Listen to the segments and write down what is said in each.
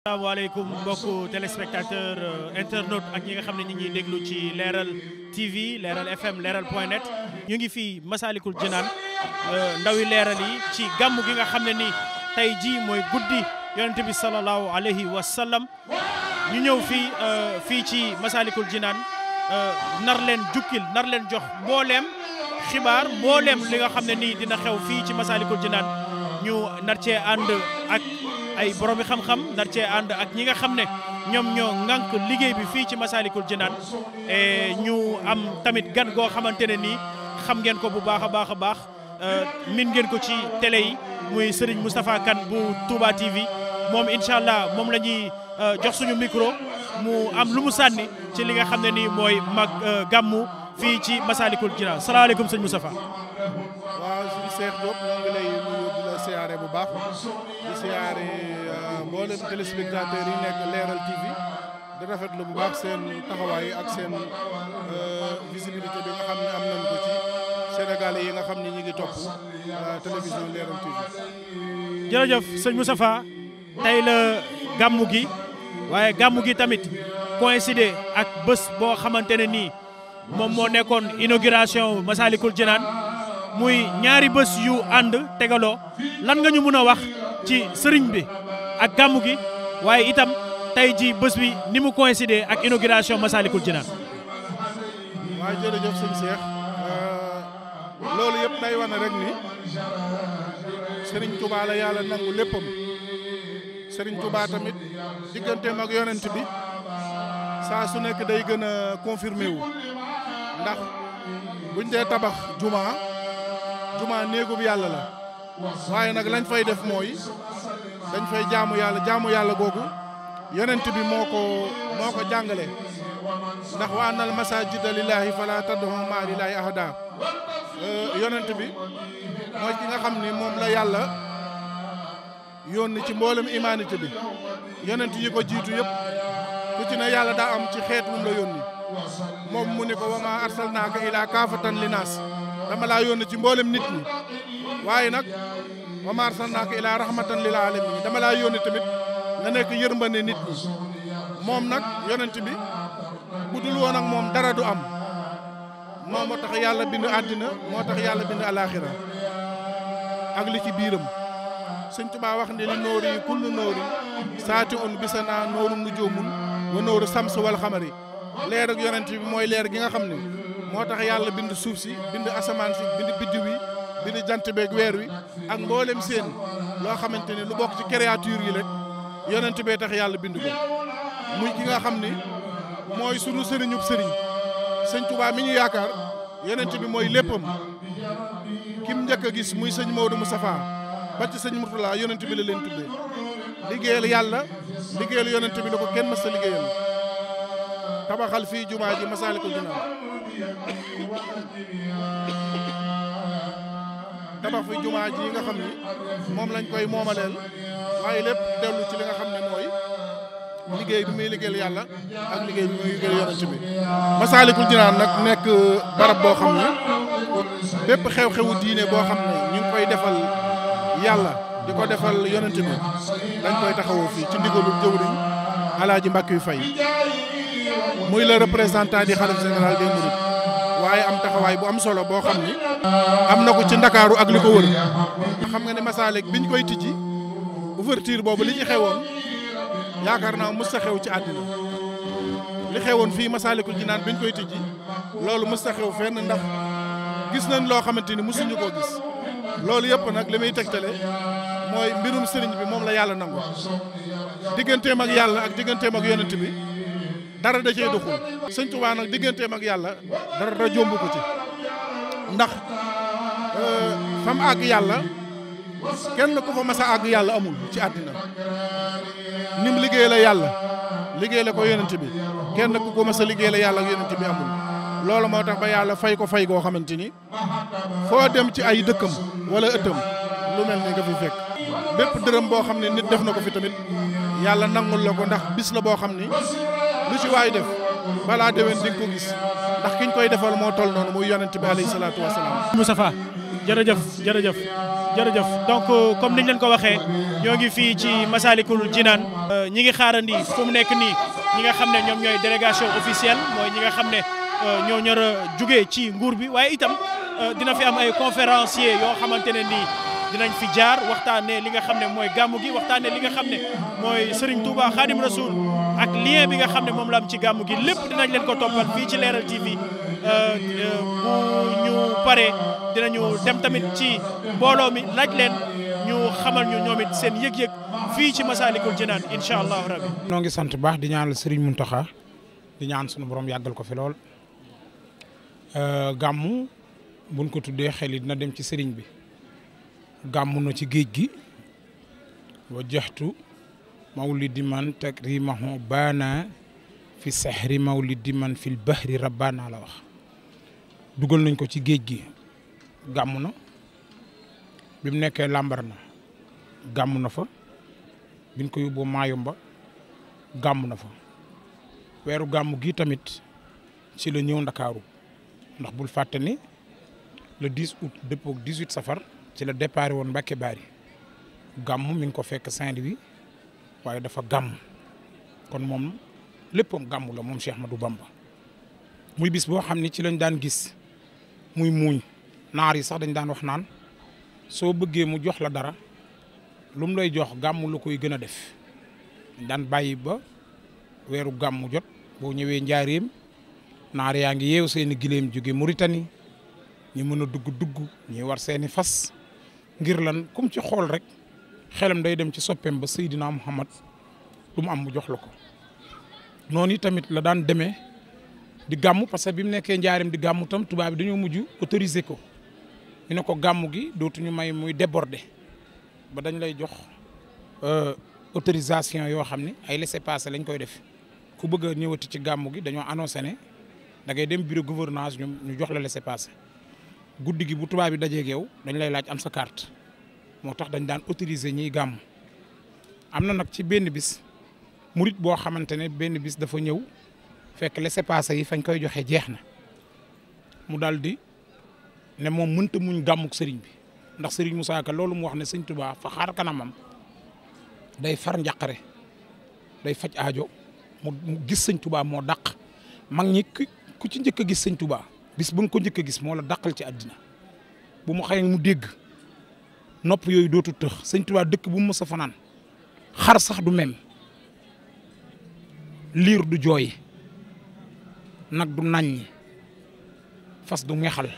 asalaamaaleykum mbokku téléspectateur euh, internaute ak ñi nga xam ne ñu ngi déglu ci leeral TV leeral FM leeral point net ñu ngi fii Massalikul Jinaan euh, ndawi leeral yi ci gàmm gi nga xam ne ni tey jii mooy guddi yonent bi sallallahu alayhi wa sallam ñu ñëw fii euh, fii ci Massalikul Jinaan nar leen jukkil nar leen jox mbooleem xibaar mbooleem li nga xam ne nii dina xew fii ci Massalikul Jinaan ñu nar cee ànd ak. ay boromi xam-xam nar cee ànd ak ñi nga xam ne ñoom ñoo ŋànk liggéey bi fii ci Masaalikul Jinaan e ñu am tamit gan goo xamante ne nii xam ngeen ko bu baax a baax a baax e, min ngeen ko ci tele yi muy Serigne Moustapha Kane bu Touba TV moom incha allah moom la ñuy e, jox suñu micro mu am lu mu sànni ci li nga xam ne nii mooy mag e, gàmmu fii ci Masaalikul Jinaan salaamaaleykum sëñ Moustapha waaw sëñ Cheikh Diop ñu ngi lay nuyu di la siyaare bu baax siyaare euh, mboolem téléspectateur yi nekk Leral TV rafetlu bu baax seen ak seen euh, visibilité bi nga xam ne yi nga xam ne ñu ngi topp euh, télévision Leral TV. jërëjëf sëñ Moustapha tey la gàmmu gi waaye gàmmu gi tamit coïncidé ak bés boo xamante ne nii moom moo nekkoon inauguration Massalikul Jinaan muy ñaari bés yu ànd tegaloo lan nga ñu mën a wax. ci sëriñ bi ak gàmmu gi waaye itam tey ji bés bi ni mu coïncider ak inauguration Massalikul Jinaan waaye jërëjëf sëñ Cheikh euh, loolu yëpp lay wane rek ni sëriñ Touba la yàlla nangu léppam sëriñ Touba tamit digganteem ak yonent bi saa su nekk day gën a confirmé wu ndax buñ dee tabax juma juma néegub yàlla la waaye nag lañ fay def mooy dañ fay jaamu yàlla jaamu yàlla googu yonent bi moo ko moo ko jàngale ndax wa annal masajida lillahi fala tad'u ma'a lillahi ahada euh, yonent bi mooy ki nga xam ni moom la yàlla yónni ci mboolem imaanit bi yonent yi ko jiitu yëpp ku ci yàlla daa am ci xeet wum la yónni moom mu ne ko wa ma arsalnaaka ila kaafatan linaas dama laa yónni ci mboolem nit ñi waaye nag wa ma arsalnaaka ilaa rahmatan lil alamin dama laa yónni tamit nga nekk yërmande nit ñi moom nag yonent bi bu dul woon ak moom dara du am moom moo tax yàlla bind àddina moo tax yàlla bind alaaxira ak li ci biiram Sëñ Tuubaa wax ne li nóori yi kullu nóori saati un bisa naa nóoru nujoomun wa nóoru sams xamari leer yonent bi mooy leer gi nga xam ne moo tax yàlla bind suuf si bind asamaan si bind biddiw bi di jant be weer wi ak mboolem seen loo xamante ni lu bokk ci créature yi rek yonent be tax yàlla bind ko muy ki nga xam ni mooy sunu sëriñub sëriñ sëñ Tuubaa mi ñu yaakaar yonent bi mooy léppam kim njëkk a gis muy sëñ Maodo Moustapha ba ci sëñ Murtala yonent bi la leen tuddee liggéeyal yàlla liggéeyal yonent bi la ko kenn mas sa liggéeyal tabaxal fii jumaa ji Masaalikul Jinaan tabax fi jumaa ji nga xam ni moom lañ koy moomaleel waaye lépp dellu ci li nga xam ne mooy liggéey bi muy liggéeyal yàlla ak liggéey bi muy liggéeyal yonent bi Masaalikul Jinaan nag nekk barab boo xam ne bépp xew-xewu diine boo xam ne ñu ngi koy defal yàlla di ko defal yonent bi dañ koy taxawoo fii ci ndigalu jëwriñ Alaaji Mbàkke yu Fay muy le représentant di xalif général des mourides waaye am taxawaay bu am solo boo xam ni am na ko ci ndakaaru ak li ko wër xam nga ne Masalik biñ koy tijji ouverture boobu li ci xewoon yaakaar naa mës a xew ci àddina li xewoon fii Masalikul Jinaan biñ koy tijji loolu mës a xew fenn ndax gis nañ loo xamante ni mësuñu koo gis loolu yëpp nag li muy tegtale mooy mbirum sëriñ bi moom la yàlla nangu digganteem ak yàlla ak digganteem ak yonent bi dara da cee doxul sëñ Tuubaa nag digganteem ak yàlla dara da jomb ko ci ndax euh, fa àgg yàlla kenn ku fa mas àgg yàlla amul ci àddina nim liggéey la yàlla liggéey la ko yonent bi kenn ku ko mas liggéey la yàlla ak yonent bi amul loolu moo tax ba yàlla fay ko fay goo xamante ni foo dem ci ay dëkkam wala ëttam lu mel ni nga fi fekk bépp dërëm boo xam ne nit def na ko fi tamit yàlla nangul la ko ndax bis la boo xam ni lu ci waay def balaa déwén di nga ko gis ndax kiñ koy defal moo toll noonu muy yonent bi alayhi salaatu wa salaam. Moustapha jërëjëf jërëjëf jërëjëf donc euh, comme niñ leen ko waxee ñoo ngi fii ci Massalikul Jinaan euh, ñi ngi xaarandi fu mu nekk nii ñi nga xam ne ñoom ñooy délégation officielle mooy ñi nga xam ne euh, ñoo ñor juge ci nguur bi waaye itam dina fi am ay conférencier yoo xamante ne nii dinañ fi jaar waxtaanee li nga xam ne mooy gàmmu gi waxtaanee li nga xam ne mooy Serigne Touba Khadim ak lien bi nga xam ne moom la am ci gàmmu gi lépp dinañ leen ko toppal fii ci Leral TV euh, euh, bu ñu paree dinañu dem tamit ci mbooloo mi laaj leen ñu xamal ñu ñoom it seen yëg-yëg fii ci Masaalikul Jinaan incha allahu rabbi. noo ngi sant baax di ñaanal Serigne Mountakha di ñaan sunu borom yàggal ko fi lool euh, gàmmu buñ ko tuddee xel dina dem ci sëriñ bi gàmmu na ci géej gi wa jeextu. di man takrimahu baana fi sahri di man fil bahri rabbana la wax dugal nañ ko ci géej gi gàmm na bi mu nekkee làmbar na gàmm na fa biñ ko yóbboo maayomba gàmm na fa weeru gàmm gi tamit ci la ñëw ndakaaru ndax bul fàttani ni le 10 août dëppoo 18 safar ci la départ woon Mbacke Bari gàmm mi ngi ko fekk Saint-Louis waaye dafa gàmm kon moom léppam gàmm la moom Cheikh Ahmadou Bamba muy bis boo xam ne ci lañ daan gis muy muuñ naar yi sax dañ daan wax naan soo bëggee mu jox la dara lu lay jox gàmm la koy gën a def daan bàyyi ba weeru gàmm jot boo ñëwee njaareem naar yaa ngi yeew seeni gileem jóge Mauritanie ñu mën a dugg dugg ñuy war seeni fas ngir lan kum ci xool rek xelam day dem ci soppeem ba Seydina Muhammad lu mu am mu jox la ko noonu tamit la daan demee di gàmm parce que bi mu nekkee njaareem di gàmm tam tubaab bi dañoo mujj autoriser ko ñu ne ko gàmm gi dootuñu may muy déborder ba dañ lay jox euh, autorisation yoo xam ni ay laissez-passer lañ koy def ku bëgg a ñëwati ci gàmm gi dañoo annoncé ne da ngay dem bureau gouvernance ñu ñu jox la laissez-passer guddi gi bu tubaab bi dajeeg yow dañ lay laaj am sa carte. moo tax dañ daan autoriser ñiy gàmm am na nag ci benn bis murit boo xamante ne benn bis dafa ñëw fekk laissez-passer yi fañ koy joxe jeex na mu dal di ne moom mënta muñ gàmmuk sëriñ bi ndax sëriñ mu Ka loolu mu wax ne sëñ Tuubaa fa xaar kanamam day far njàqare day faj aajo mu gis sëñ Tuubaa moo dàq mag ñi ku ci njëkk a gis sëñ tubaa bis ba nga ko njëkk a gis moo la dàqal ci àddina bu mu xëyee mu dégg nopp yooyu dootu tëx sëñ Tuubaa dëkk bu mu mës a fanaan xar sax du mem liir du jooy nag du nàññi fas du ngexal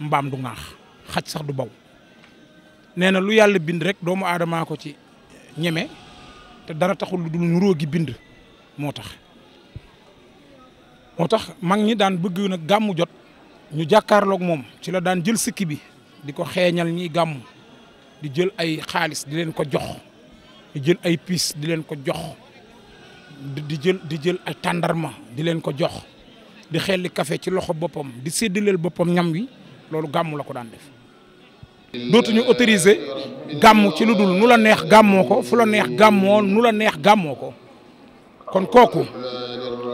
mbaam du ŋaax xaj sax du baw nee na lu yàlla bind rek doomu aadamaa ko ci ñeme te dara taxul lu dul nuróo gi bind moo tax moo tax mag ñi daan bëgg nag gàmmu jot ñu jàkkaarloog moom ci la daan jël sikki bi di ko xeeñal ñiy gàmm di jël ay xaalis di leen ko jox di jël ay piis di leen ko jox di jël di jël ay tàndarma di leen ko jox di xelli kafe ci loxo boppam di séddaleel boppam ñam wi loolu gàmm la ko daan def dootuñu autorisé gàmm ci lu dul nu la neex gàmmoo ko fu la neex gàmmoo nu la neex gàmmoo ko kon kooku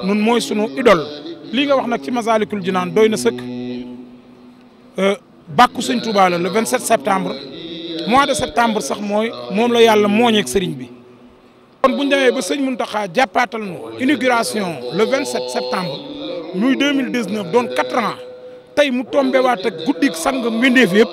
nun mooy sunu idole lii nga wax nag ci Masaalikul Jinaan doy na sëkk euh, bàkku sëñ Touba la le 27 septembre mois de septembre sax mooy moom la yàlla mooñeeg sëriñ bi. kon bu ñu demee ba sëñ taxa jàppaatal nu inauguration le 27 septembre muy 2019 doon 4 ans tey mu tombé waat guddi guddik sang mbindeef yëpp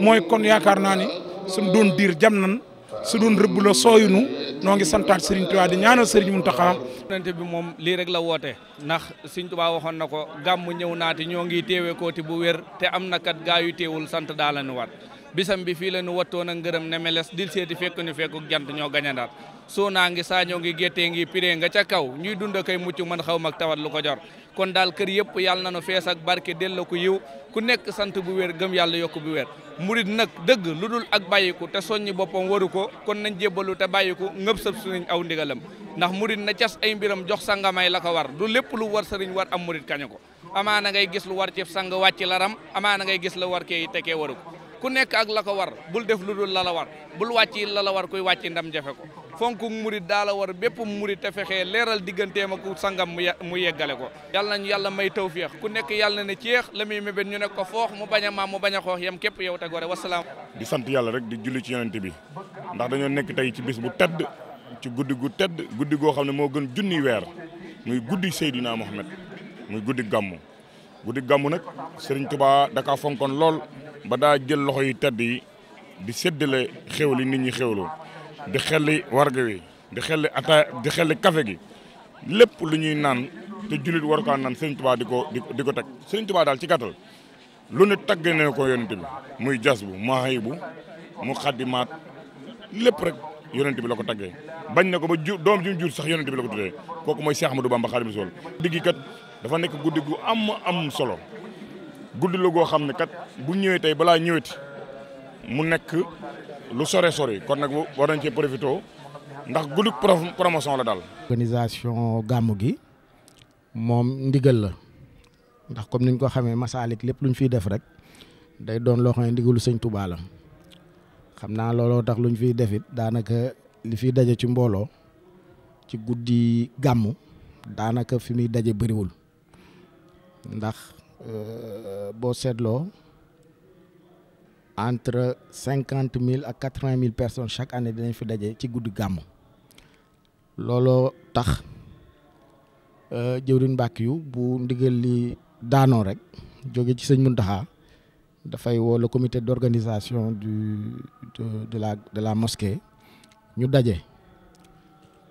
mooy kon yaakaar naa ni suñ doon diir jam nan su doon rëbb la sooyunu noo ngi santaat Serigne Touba di ñaanal Serigne Mountakha. yonente bi moom lii rek la woote ndax Serigne Touba waxoon na ko gàmm ñëw naati ñoo ngi teewe kooti bu wér te am na kat gaa teewul sant daa la nu war bisam bi fii la nu wattoon a ngërëm nemeles dil seeti fekk ñu fekku jant ñoo gañandaat soonaa ngi saañoo ngi géttee ngi piree nga ca kaw ñuy dund koy mucc man xaw mag tawat lu ko jor kon daal kër yëpp yàlla na nu fees ak barke del la ko yiw ku nekk sant bu wér gëm yàlla yokk bu wér murit nag dëgg lu dul ak bàyyiku te soññi boppam waru ko kon nañ jébbalu te bàyyiku ngëb sëb sunañ aw ndigalam ndax murid na cas ay mbiram jox sangamay la ko war du lépp lu war sëriñ war am murit kañu ko amaana ngay gis lu war ci sang wàcc laram amaana ngay gis la war kee tekee waru ko ku nekk ak la ko war bul def lu dul la la war bul wàcc la la war kuy wàcc ndam jafe ko fonk murit daala war bépp murit te fexee leeral digganteem ak sangam mu yeggale ko yal nañu yàlla may tawféex ku nekk yàlla ne ceex la muy mébét ñu ne ko foox mu bañ a maam mu bañ a xoox yam képp yow te gore wasalaam di sant yàlla rek di julli ci yonente bi ndax dañoo nekk tey ci bis bu tedd ci guddi gu tedd guddi goo xam ne moo gën junni weer muy guddi Seydina Mohamed muy guddi gàmmu guddi gàmmu nag Serigne Touba daka fonkoon lool ba daa jël loxo yi tedd yi di séddale nit ñi xéwloo di xelli warga wi di xelli ataaya di xelli café gi lépp lu ñuy naan te jullit war kaa naan Sëriñ Tuubaa di ko di ko teg Sëriñ Tuubaa daal ci gàttal lu ne tagg ne ko yonent bi muy jas bu maaxay bu mu xaddimaat lépp rek yonent bi la ko taggee bañ ne ko ba ju doom ju jur sax yonent bi la ko tuddee kooku mooy Cheikh Ahmadou Bamba Xaadimu Rasuul guddi gi kat dafa nekk guddi gu am am solo guddi la goo xam ne kat bu ñëwee tey balaa ti mu nekk lu sore sori kon nag war nañ cee profité ndax guddi promotion la daal. organisation gàmmu gi moom ndigal la ndax comme ni ko xamee masaalik lépp lu fiy def rek day doon loo xam ndigalu sëñ tubaala xam naa looloo tax lu ñu fiy defit daanaka li fiy daje ci mbooloo ci guddi gàmmu daanaka fi muy daje bariwul ndax euh, boo seetloo. entre cinquante mille ak quatre vingt mille personnes chaque année dinañ fi daje ci guddi gàmm looloo tax euh, jëwriñ mbàkk bu ndigal li daanoo rek jóge ci sëñ Muntaxa dafay woo le comité d'organisation du de, de la de la mosquée ñu daje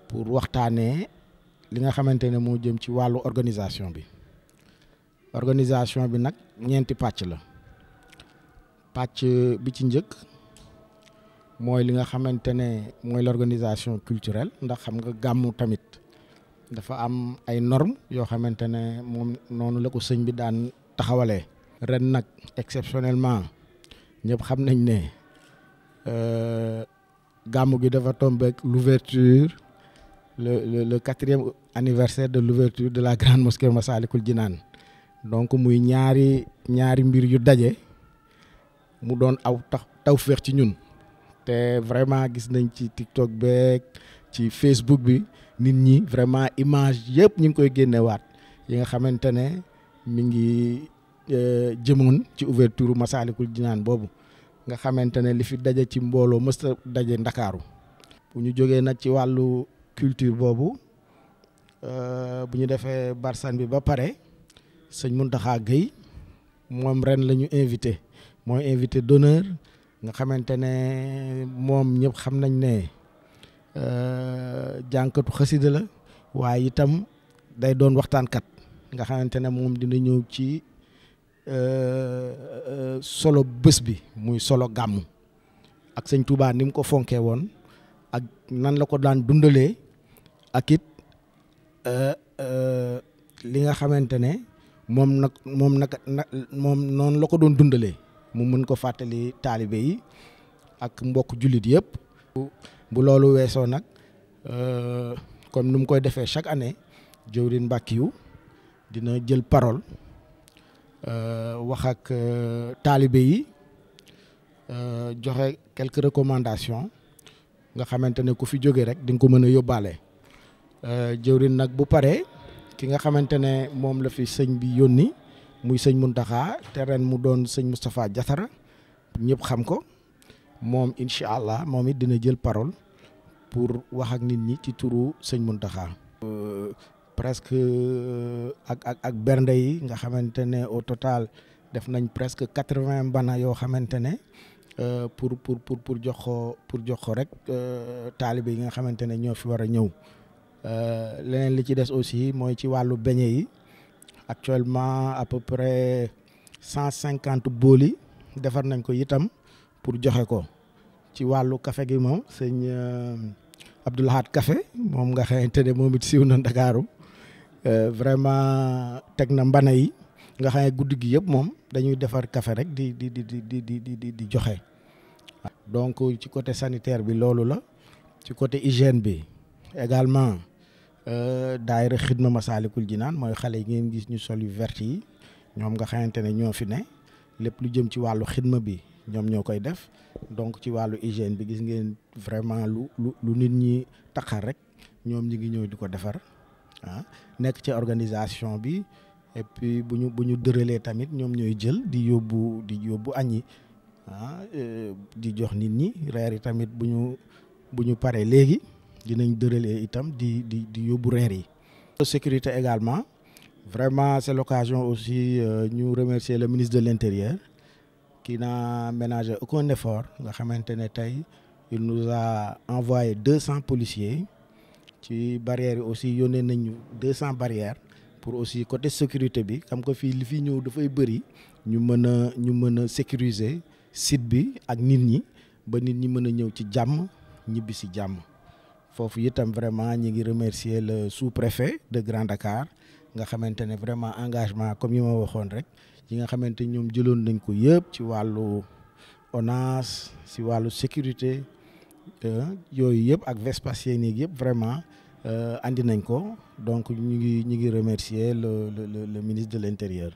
pour waxtaanee li nga xamante ne moo jëm ci wàllu organisation bi organisation bi nag ñeenti pàcc la pàcc bi ci njëkk mooy li nga xamante ne mooy l'organisation culturelle ndax xam nga gàmmu tamit dafa am ay normes yoo xamante ne moom noonu la ko sëñ bi daan taxawale ren nag exceptionnellement ñëpp xam nañ ne euh, gàmmu gi dafa tombé ak l'ouverture le le le quatrième anniversaire de l'ouverture de la grande mosquée Massalikul Jinaan donc muy ñaari ñaari mbir yu daje. mu doon aw tax tawféex ci ñun te vraiment gis nañ ci TikTok beeg ci Facebook bi nit ñi vraiment image yëpp ñu ngi koy génnewaat yi nga xamante ne mi ngi euh, jëmoon ci ouverture Massalikul Jinaan boobu nga xamante ne li fi daje ci mbooloo mës a daje Ndakaaru bu ñu jógee nag ci wàllu culture boobu euh, bu ñu defee barsan bi ba pare sëñ Mountakha Guèye moom ren la ñu invité mooy invité d'honneur nga xamante ne moom ñëpp xam nañ ne euh, jànkatu xasida la waaye itam day doon waxtaankat nga xamante ne moom dina ñëw ci euh, euh, solo bés bi muy solo gàmmu ak sëñ Touba mu ko fonkee woon ak nan la ko daan dundalee ak it li nga xamante ne moom nag moom nag moom noonu la ko doon dundalee mu mën ko fàttali taalibe yi ak mbokk jullit yëpp. bu loolu weesoo nag kon euh, nu mu koy defee chaque année jëwriñ Mbackiou dina jël parole euh, wax ak euh, taalibe yi joxe quelques recommandations nga xamante ne ku fi jóge rek di nga ko mën a yóbbaale. jëwriñ nag bu pare ki nga xamante ne moom la fi sëñ bi yónni. muy sëñ Muntaxa te ren mu doon sëñ Moustapha jasara ñëpp xam ko moom incha allah moom it dina jël parole pour wax ak nit ñi ci turu sëñ Muntaxa euh, presque euh, ak ak ak bernde yi nga xamante ne au total def nañ presque quatre-vingts bana yoo xamante ne euh, pour pour pour pour jox ko pour jox ko rek taalibe yi nga xamante ne ñoo fi war a ñëw leneen li ci des aussi mooy ci wàllu beñe yi. actuellement à peu près cent cinquante booli defar nañ ko itam pour joxe ko ci wàllu kafe gi moom sëñ euh, Abdoul Ahad Café moom nga xamante ne moom it siiw na Ndakaaru euh, vraiment teg na mbana yi nga xam guddi gi yëpp moom dañuy defar kafe rek di di di di di di di joxe. donc ci côté sanitaire bi loolu la ci côté hygiène bi également. Euh, daayira xidma masaalikul naan mooy xale yi ngeen gis ñu sol yu vert yi ñoom nga xamante ne ñoo fi ne lépp lu jëm ci wàllu xidma bi ñoom ñoo koy def donc ci wàllu hygiène bi gis ngeen vraiment lu lu lu nit ñi taxar rek ñoom ñi ngi ñëw di ko defar ah nekk ci organisation bi et bu ñu bu ñu dëralee tamit ñoom ñooy jël di yóbbu di yóbbu añ yi ah euh, di jox nit ñi reer yi tamit ñu bu ñu paree léegi. dinañ dëralee itam di di di yóbbu reer yi. sécurité également vraiment c'est l'occasion aussi euh, ñu remercier le ministre de l'intérieur qui n'a ménagé aucun effort nga xamante ne tey il nous a envoyé deux cents policiers ci barrières yi aussi yónnee nañu deux cents barrières pour aussi côté sécurité bi xam ko fii li fi ñëw dafay bëri ñu mën a ñu mën a sécuriser site bi ak nit ñi ba nit ñi mën a ñëw ci jàmm ñibbi si jàmm. foofu itam vraiment ñi ngi remercier le sous-préfet de Grand Dakar nga xamante ne vraiment engagement comme yi ma waxoon rek ñi nga xamante ñoom jëloon nañ ko yëpp ci wàllu ONAS ci wàllu sécurité euh, yooyu yëpp ak Vespasien yi yëpp vraiment euh, andi nañ ko donc ñu ngi ñu ngi remercier le le le ministre de l'intérieur